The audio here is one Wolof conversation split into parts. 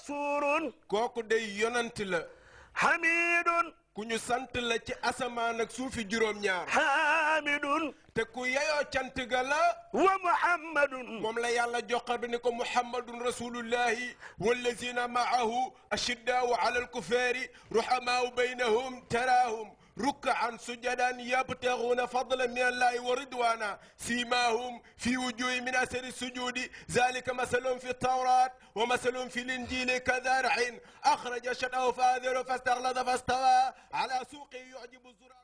رسول kooku day yonant la xamidun ku ñu sant la ci asamaan ak suufi juróom-ñaar xamidun te ku yeyoo cant ga la wa muhammadun moom la yàlla joxar bi ni ko muhammadun rasulullahi wallazina maahu ashiddaau ala alkufaari ruhamaau baynahum taraahum ركعا سجدا يبتغون فضلا من الله ورضوانا سيماهم في وجوه من أثر السجود ذلك مثل في التوراة ومثل في الإنجيل كذرع أخرج شطأه فاذر فاستغلظ فاستوى على سوقه يعجب الزرع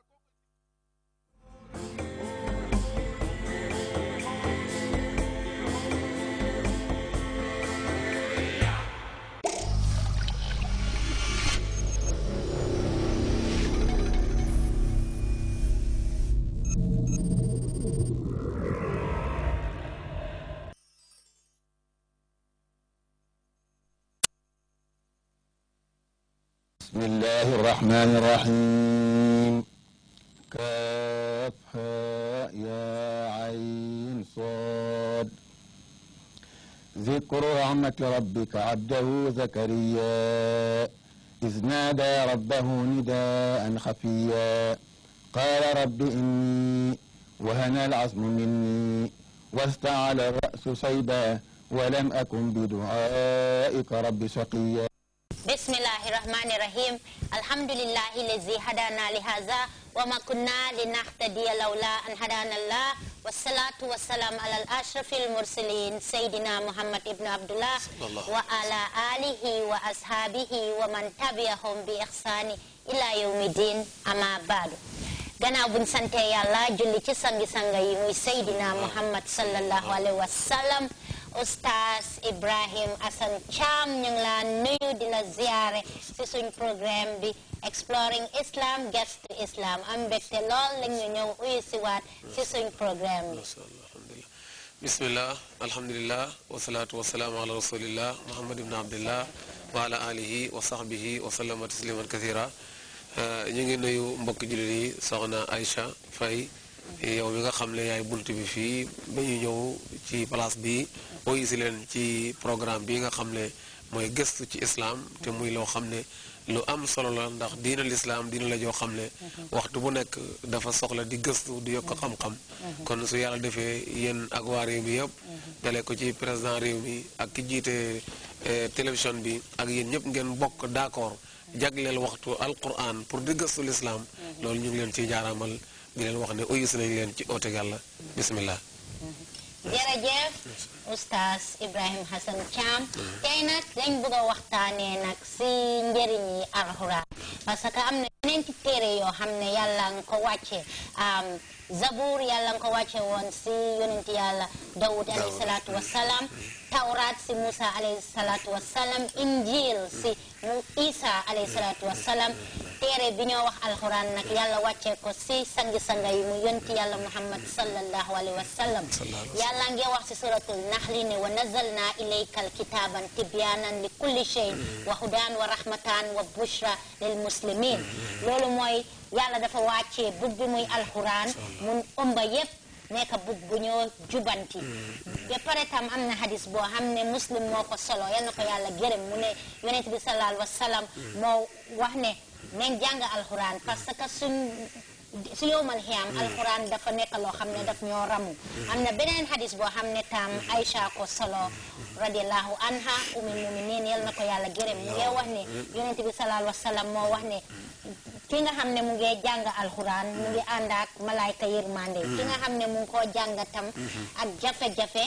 بسم الله الرحمن الرحيم كافها يا عين صاد ذكر رحمة ربك عبده زكريا إذ نادى ربه نداء خفيا قال رب إني وهنى العظم مني واستعل الرأس صيدا ولم أكن بدعائك رب شقيا بسم الله الرحمن الرحيم الحمد لله الذي هدانا لهذا وما كنا لنهتدي لولا أن هدانا الله والصلاة والسلام على الأشرف المرسلين سيدنا محمد ابن عبد الله وعلى آله وأصحابه ومن تبعهم بإحسان إلى يوم الدين أما بعد غنا بن سانتي yàlla julli ci sangi-sanga yi muy seydina muhammad sallallahu Oustaz Ibrahim Assane Thiam ñu laa nuyu di ziyaare ci suñ programme bi exploring Islam gets to Islam am mbégte lool la ñu ñëw uyu si waat ci suñ programme bi bismillah alhamdulillah wasalaatu wasalaamu ala rasulillah muhammad ibn abdillah wa ala wa sahbihi wa sallama tasliman kathira euh, ñu ngi nuyu mbokki jullit yi soxna Aïcha Faye yow mi nga xam ne yaay bunt bi fii ba ñu ñëw ci place bi oyisi leen ci programme bi nga xam ne mooy gëstu ci islaam te muy loo xam ne lu am solo la ndax diina lislaam diina la joo xam ne mhm. waxtu bu nekk dafa soxla di gëstu di yokk mhm. xam-xam mhm. kon su yàlla defee yéen ak waar réew mi yëpp dalee ko ci président réew mi ak ki jiite eh, télévision bi ak yéen ñëpp ngeen bokk d'accord jagleel waxtu alquran pour di gëstu lislaam loolu ñu ngi leen ciy jaaraamal di leen wax ne uyus nañ leen ci oote yàlla bismillah oustaz Ibrahim Hassan Thiam mm-hmm. tey nag lañ bëgg a waxtaanee nag si njëriñ yi alxuraan parce que am na yeneen ci téere yoo xam ne yàlla nga ko wàcce zabuur yàlla nga ko wàcce woon si yonent yàlla dawud mm-hmm. alayhi salaatu wasalaam tawraat si Musa alayhi salaatu wasalaam injil si Isa alayhi salaatu wasalaam mm-hmm. téere bi ñoo wax alxuraan nag yàlla wàccee ko si sang-sanga yi mu yonti yàlla muhammad sallallahu alayhi wa sallam yàlla nge wax si suratul naxli ne wa nazalna ilayka alkitaaban tibyaanan li kulli shay wa hudan wa rahmatan wa bushra lil muslimin loolu mooy yàlla dafa wàccee bug bi muy alxuraan mun ëmba yépp nekk bug bu ñoo jubanti ba pare tam am na hadis boo xam ne muslim moo ko solo yal na ko yàlla gërëm mu ne yonent bi sallallahu alayhi wa sallam moo wax ne nañ jàng alxuraan parce que suñ su yowmal xiyaam hmm. alxuraan dafa nekk xam ne daf ñoo ramu hmm. am na beneen xadis boo xam ne tam hmm. ay ko solo radiallahu anha umil muminin yal na ko yàlla gërëm mu ngee wax ne yonente bi sallallahu alayhi wa moo wax ne ki nga xam ne mu ngi jàng alxuraan mu ngi ànd ak malaayka yërmande ki nga xam ne mu ngi koo jàng tam ak jafe-jafe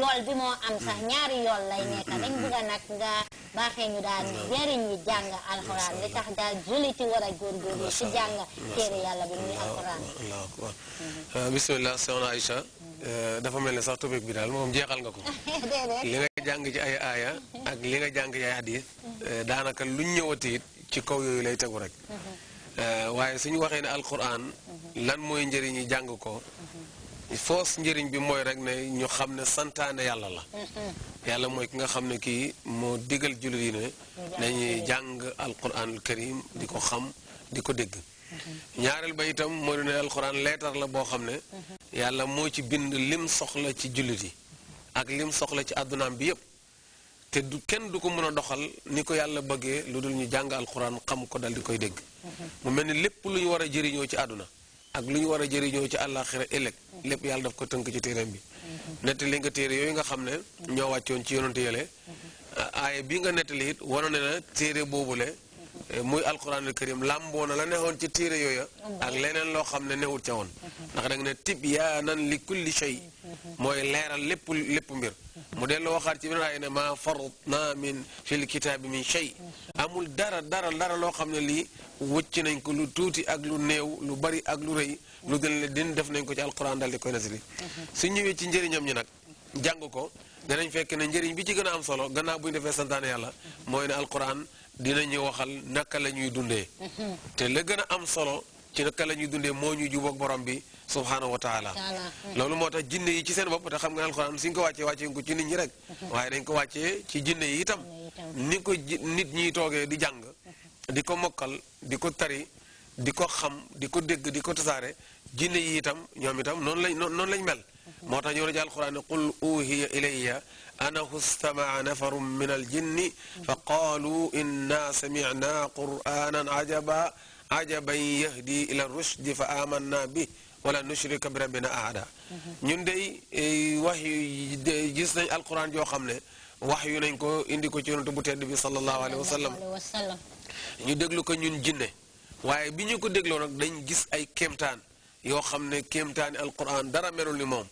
yool bi moo am sax ñaari yool lay nekk dañ bëgg nag nga baaxee ñu daal jëriñ ñu jàng alxuraan li tax daal jullit war a góorgóorlu si jàng téere yàlla bi muy alxuraan mhm. ah, bismillah soxna Aïcha euh, dafa mel ne sax topic bi daal moom jeexal nga ko li nga jàng ci ay aaya ak li nga jàng ci ay hadith mhm. euh, daanaka luñ ñëwati ci kaw yooyu lay tegu rek mhm. euh, waaye suñu waxee ne alxuraan lan mooy njëriñi jàng ko foos njëriñ bi mooy rek ne ñu xam ne santaane yàlla la yàlla mooy ki nga xam ne kii moo digal jullit yi ne nañuy jàng alquranul karim di ko xam di ko dégg ñaareel ba moo di leetar la boo xam ne yàlla moo ci bind lim soxla ci jullit yi ak lim soxla ci àddunaam bi yépp te du kenn du ko mën a doxal ni ko yàlla bëggee lu dul ñu jàng alquran xam ko dal di koy dégg mu mel ni lépp lu ñu war a ci àdduna ak lu ñu war a jëriñoo ci àllaaxira ëllëg lépp yàlla daf ko tënk ci téereem bi nettali nga téere yooyu nga xam ne ñoo wàccoon ci yonante yële aaye bi nga nettali it waroon na téere boobule muy alquranul karim làmboo na la neexoon ci téere yooya ak leneen loo xam ne newut ca woon ndax da nga ne tib yaa nan li kulli shay mooy leeral lépp lépp mbir mu delloo waxaat ci beneen aaye ne ma farat naa min fil kitaabi min shay amul dara dara dara loo xam ne lii wëcc nañ ko lu tuuti ak lu néew lu bari ak lu rëy lu gën le din def nañ ko ci alquran dal di koy nasili su ñëwee ci njëriñam ñi nag jàng ko danañ fekk ne njëriñ bi ci gën a am solo gannaaw bu ñu defee santaane yàlla mooy ne alquran dinañu waxal naka la ñuy dundee te la gën a am solo ci naka la ñuy dundee moo ñuy jubóog borom bi subhaanahu wa taala loolu moo tax jinne yi ci seen bopp te xam nga alquran suñ ko wàccee wàccee ni ko nit ñiy toogee di jàng di ko mokkal di ko tari di ko xam di ko dégg di ko tasaare jinne yi itam ñoom itam noonu lañ noonu lañ mel moo ta ñoo na jàll alquran ne qul uhiya ilayya anahu stamaa nafarum min aljinni fa qaalu inna samicna quranan ajaba ajaban yahdi ila rushdi fa amanna bi wala nushrika bi rabbina ahada ñun day eh, wax gis nañ alquran joo xam ne wax yu lañ ko indi ko ci yonent bu tedd bi sallallahu alayhi wa ñu déglu ko ñun jinne waaye bi ñu ko dégloo nag dañ gis ay kéemtaan yoo xam ne kéemtaani alquran dara melul ni moom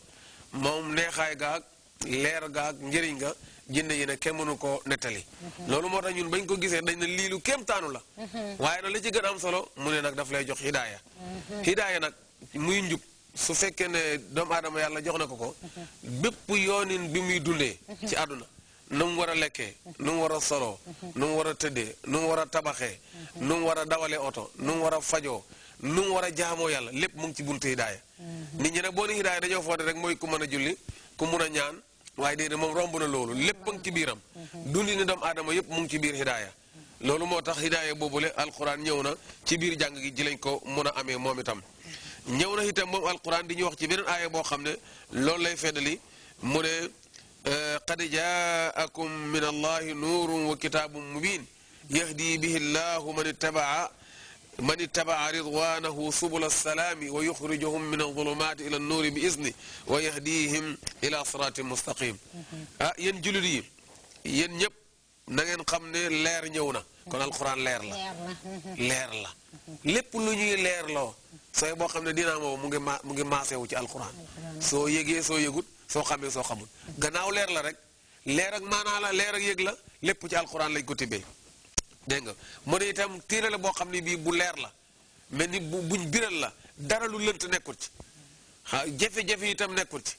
moom neexaay ga ak leer ga ak njëriñ ga jinne yi ne kenn mënu ko nettali mhm. loolu moo tax ñun bañ ko gisee dañ ne lii lu kéemtaanu la mhm. waaye nag li ci gën am solo mu ne nag daf lay jox hidaaya mhm. hidaaya nag muy njub su fekkee ne doomu aadama yàlla jox na ko ko bépp yoonin bi muy dundee ci àdduna nu mu war a lekkee nu mu war a solo nu mu war a tëddee nu mu war a tabaxee nu mu war a dawalee oto nu mu war a fajoo nu mu war a jaamoo yàlla lépp mu ngi ci buntu hidaaya nit ñi nag boo ni hidaaya dañoo foote rek mooy ku mën a julli ku mun a ñaan waaye déedéet moom romb na loolu lépp mu ci biiram dundi ni doomu aadama yëpp mu ngi ci biir hidaaya loolu moo tax hidaaya boobule alquran ñëw na ci biir jàng gi ji lañ ko mun a amee moom itam ñëw na itam moom alquran di ñu wax ci beneen aaya boo xam ne loolu lay feddali mu ne آه، قد جاءكم من الله نور وكتاب مبين يهدي به الله من اتبع من اتبع رضوانه سبل السلام ويخرجهم من الظلمات إلى النور بإذنه ويهديهم إلى صراط مستقيم آه، ين جلدي ين يب نغن خمني لير نيونا كون القرآن لير لا لير لا لب لو ñuy لير لو boo بو ne دينا مو mu ngi ma mu ngi maasee wu ci alquran soo xamee soo xamul gannaaw leer la rek leer ak maanaa la leer ak yëg la lépp ci alxuraan lañ ko tibbee dégg nga mu itam téere la boo xam ne bii bu leer la mel ni bu buñ biral la dara lu lënt nekkul ci ah jafe-jafe itam nekkul ci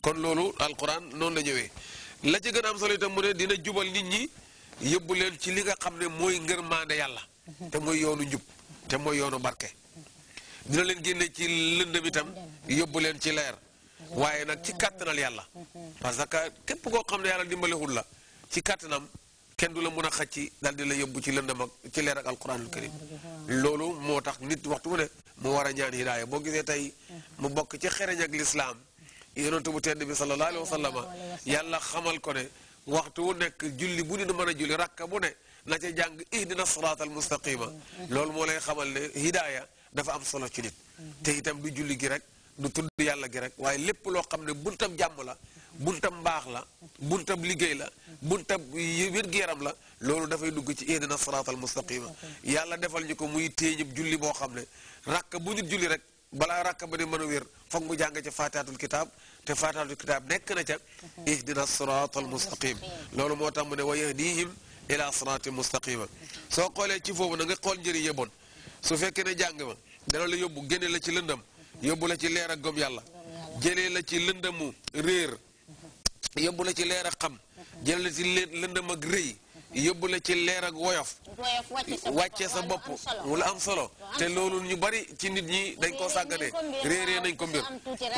kon loolu alxuraan noonu la ñëwee la ci gën am solo itam mu ne dina jubal nit ñi yóbbu leen ci li nga xam ne mooy ngërmaande yàlla te mooy yoonu njub te mooy yoonu barke dina leen génne ci lëndëm itam yóbbu leen ci leer waaye nag ci kàttanal yàlla parce que képp koo xam ne yàlla dimbalewul la ci kàttanam kenn du la mun a xaj ci daal di la yóbbu ci lëndam ak ci leer ak alquranul karim loolu moo tax nit waxtu mu war a ñaan hidaaya boo gisee tey mu bokk ci xereñ ak lislaam yonentu bu tedd bi sallallahu alayhi wa sallama yàlla xamal ko ne waxtu wu nekk julli bu nit mën a julli rakka bu ne na ca jàng ihdina siraat al mustaqima loolu moo lay xamal ne hidaaya dafa am solo ci nit te itam du julli gi rek nu tudd yàlla gi rek waaye lépp loo xam ne buntab jàmm la buntab mbaax la buntab liggéey la buntab wér-gu-yaram la loolu dafay dugg ci ihdina siraatal mustaqima yàlla defal ñu ko muy téeñub julli boo xam ne rakk bu nit julli rek balaa rakk ba di mën a wér foog mu jàng ca faataatul kitaab te faataatul kitaab nekk na ca ihdina siraatal mustaqim loolu moo tax mu ne wa yahdihim ila siraatin mustaqima soo xoolee ci foofu na nga xool njëriñ yeboon su fekkee ne jàng ma dana la yóbbu génne la ci lëndam yóbbu la ci leer a gom yàlla jëlee la ci lëndëmu réer yóbbu la ci leer a xam jëlee la ci lëndëm ak rëy yóbbu la ci leer ak woyof wàcce sa bopp wala am solo te loolu ñu bari ci nit ñi dañ koo sàggane réeree nañ ko mbir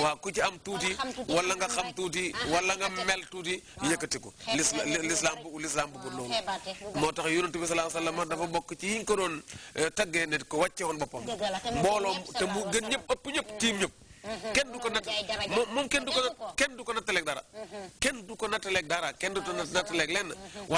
waaw ku ci am tuuti wala nga xam tuuti wala nga mel tuuti yëkkatiku lislaam bu lislaam bëggul loolu moo tax yonent sa salaa sallam dafa bokk ci yiñ ko doon eh, taggee ne ko wàcce woon boppam mbooloo te mu gën ñëpp ëpp ñëpp tiim ñëpp kenn du ko natt moom moom kenn du ko natt kenn du ko nattaleeg dara kenn du ko nattaleeg dara kenn du